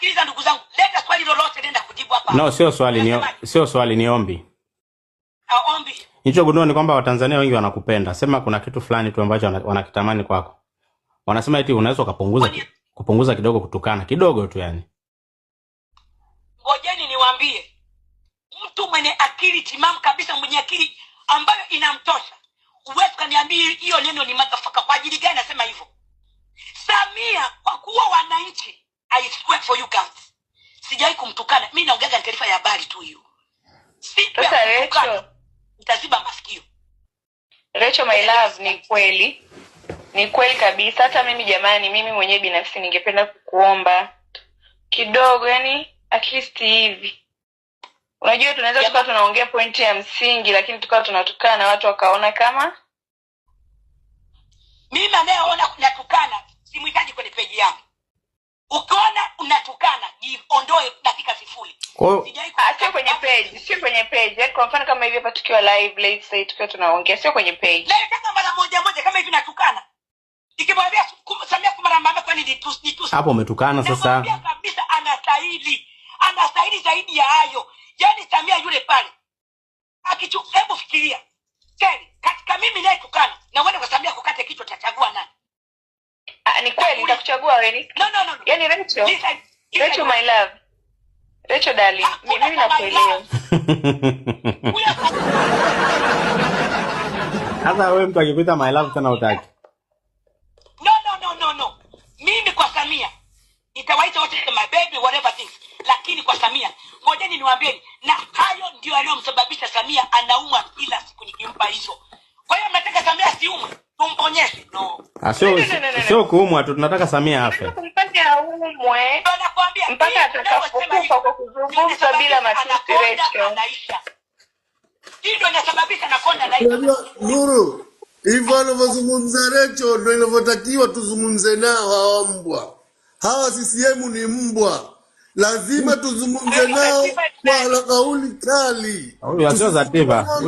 Sikiliza ndugu zangu, leta swali lolote, nenda kujibu hapa. No, sio swali, ni sio swali, ni ombi. Ah, ombi. Nilichogundua ni kwamba Watanzania wengi wanakupenda. Sema kuna kitu fulani tu ambacho wanakitamani kwako. Wanasema eti unaweza kupunguza kupunguza kidogo kutukana kidogo tu yani. Ngojeni niwaambie. Mtu mwenye akili timamu kabisa, mwenye akili ambayo inamtosha. Uwezo kaniambia hiyo neno ni madafaka kwa ajili gani nasema hivyo? I swear for you guys. Sijai kumtukana. Mimi naongea ni taarifa ya habari tu hiyo. Sasa Recho, nitaziba masikio. Recho my love, ni kweli. Ni kweli kabisa. Hata mimi jamani, mimi mwenyewe binafsi ningependa kukuomba kidogo, yani at least hivi. Unajua tunaweza tukawa tunaongea pointi ya msingi lakini tukawa tunatukana na watu wakaona kama mimi anayeona kunatukana simhitaji kwenye peji yangu ukiona unatukana jiondoe dakika sifuri ah, sio kwenye page sio kwenye page kwa mfano kama hivi hapa tukiwa live late say tukiwa tunaongea sio kwenye page nataka mara moja moja kama hivi natukana ikimwambia samia kumara mama kwani nitus nitus hapo umetukana sasa kabisa anastahili anastahili zaidi ya hayo yani samia yule pale akichukua hebu fikiria keri katika mimi naye tukana na wewe kwa samia kukate kichwa tachagua nani Ah, ni kweli nitakuchagua wewe yani Rachel Rachel my love Rachel dali ah, mimi nakuelewa hata wewe mtu akikuita my love tena utaki lakini kwa Samia ngojeni niwaambieni na hayo ndio yanayomsababisha Samia anaumwa kila Sio sio kuumwa tu, tunataka Samia afe mpaka aumwe, mpaka atakapokufa kwa kuzungumza bila matirestio. Nuru, hivyo wanavyozungumza Recho ndo inavyotakiwa tuzungumze nao hawa mbwa hawa. CCM ni mbwa, lazima tuzungumze nao kwa kauli kali. Huyu asio za Tiva,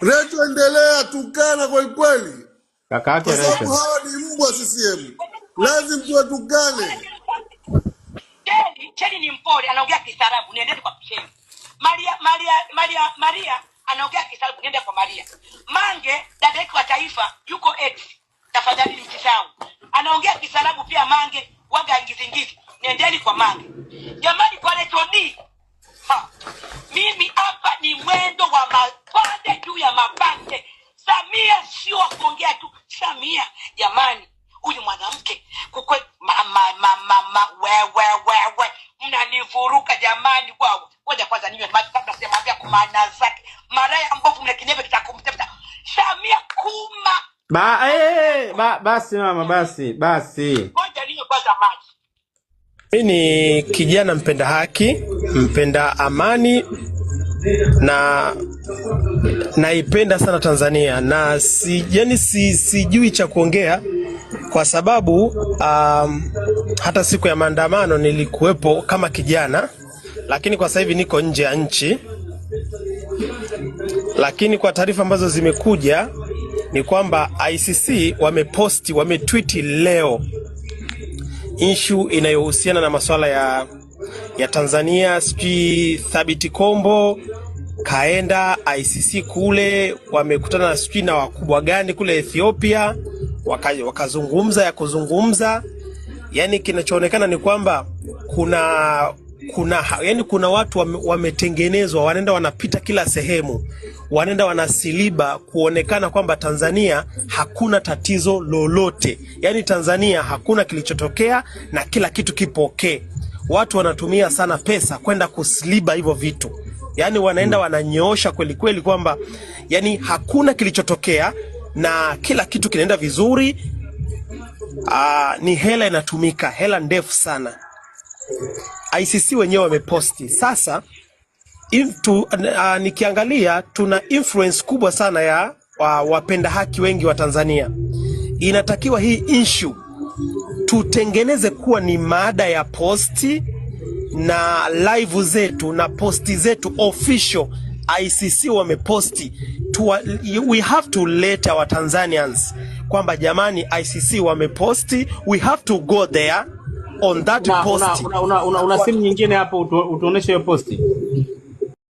Recho endelea tukana kwa kwelikweli. Kaka yake kwa sababu hawa ni mbwa CCM, lazima tuwatukane. Cheni, Cheni ni mpole, anaongea kistaarabu, niendeni kwa Cheni. Maria Maria Maria Maria anaongea kistaarabu, niende kwa Maria. Mange dada yetu wa taifa yuko ex. Tafadhali msisahau. Anaongea kistaarabu pia Mange, waga ingizingizi. Niendeni kwa Mange. Jamani kwa Leto D. Ha. Mimi kuruka jamani wao ngoja kwanza niwe maji kabla sijamwambia kwa maana zake maraya mbovu mle kinyembe kitakumtepta shamia kuma ba, hey, eh, eh, eh, ba, basi mama basi basi ngoja niwe kwanza maji mimi ni kijana mpenda haki mpenda amani na naipenda sana Tanzania na si, yani si, sijui cha kuongea kwa sababu um, hata siku ya maandamano nilikuwepo kama kijana, lakini kwa sasa hivi niko nje ya nchi. Lakini kwa taarifa ambazo zimekuja ni kwamba ICC wameposti, wametwiti leo ishu inayohusiana na masuala ya, ya Tanzania, sijui Thabiti Kombo kaenda ICC kule, wamekutana na sijui na wakubwa gani kule Ethiopia wakazungumza waka ya kuzungumza, yani kinachoonekana ni kwamba kuna kuna yani kuna watu wametengenezwa wame wanaenda wanapita kila sehemu, wanaenda wanasiliba kuonekana kwamba Tanzania hakuna tatizo lolote, yani Tanzania hakuna kilichotokea na kila kitu kipo okay. Watu wanatumia sana pesa kwenda kusiliba hivyo vitu, yani wanaenda hmm. wananyoosha kweli kweli kwamba yani hakuna kilichotokea na kila kitu kinaenda vizuri. Aa, ah, ni hela inatumika, hela ndefu sana. ICC wenyewe wameposti sasa Intu, ah, nikiangalia tuna influence kubwa sana ya wa, wapenda haki wengi wa Tanzania. Inatakiwa hii issue tutengeneze kuwa ni maada ya posti na live zetu na posti zetu official. ICC wameposti tuwa, we have to let our Tanzanians kwamba jamani, ICC wameposti, we have to go there on that post. Una, una, una, una, una simu nyingine hapo utuoneshe hiyo posti.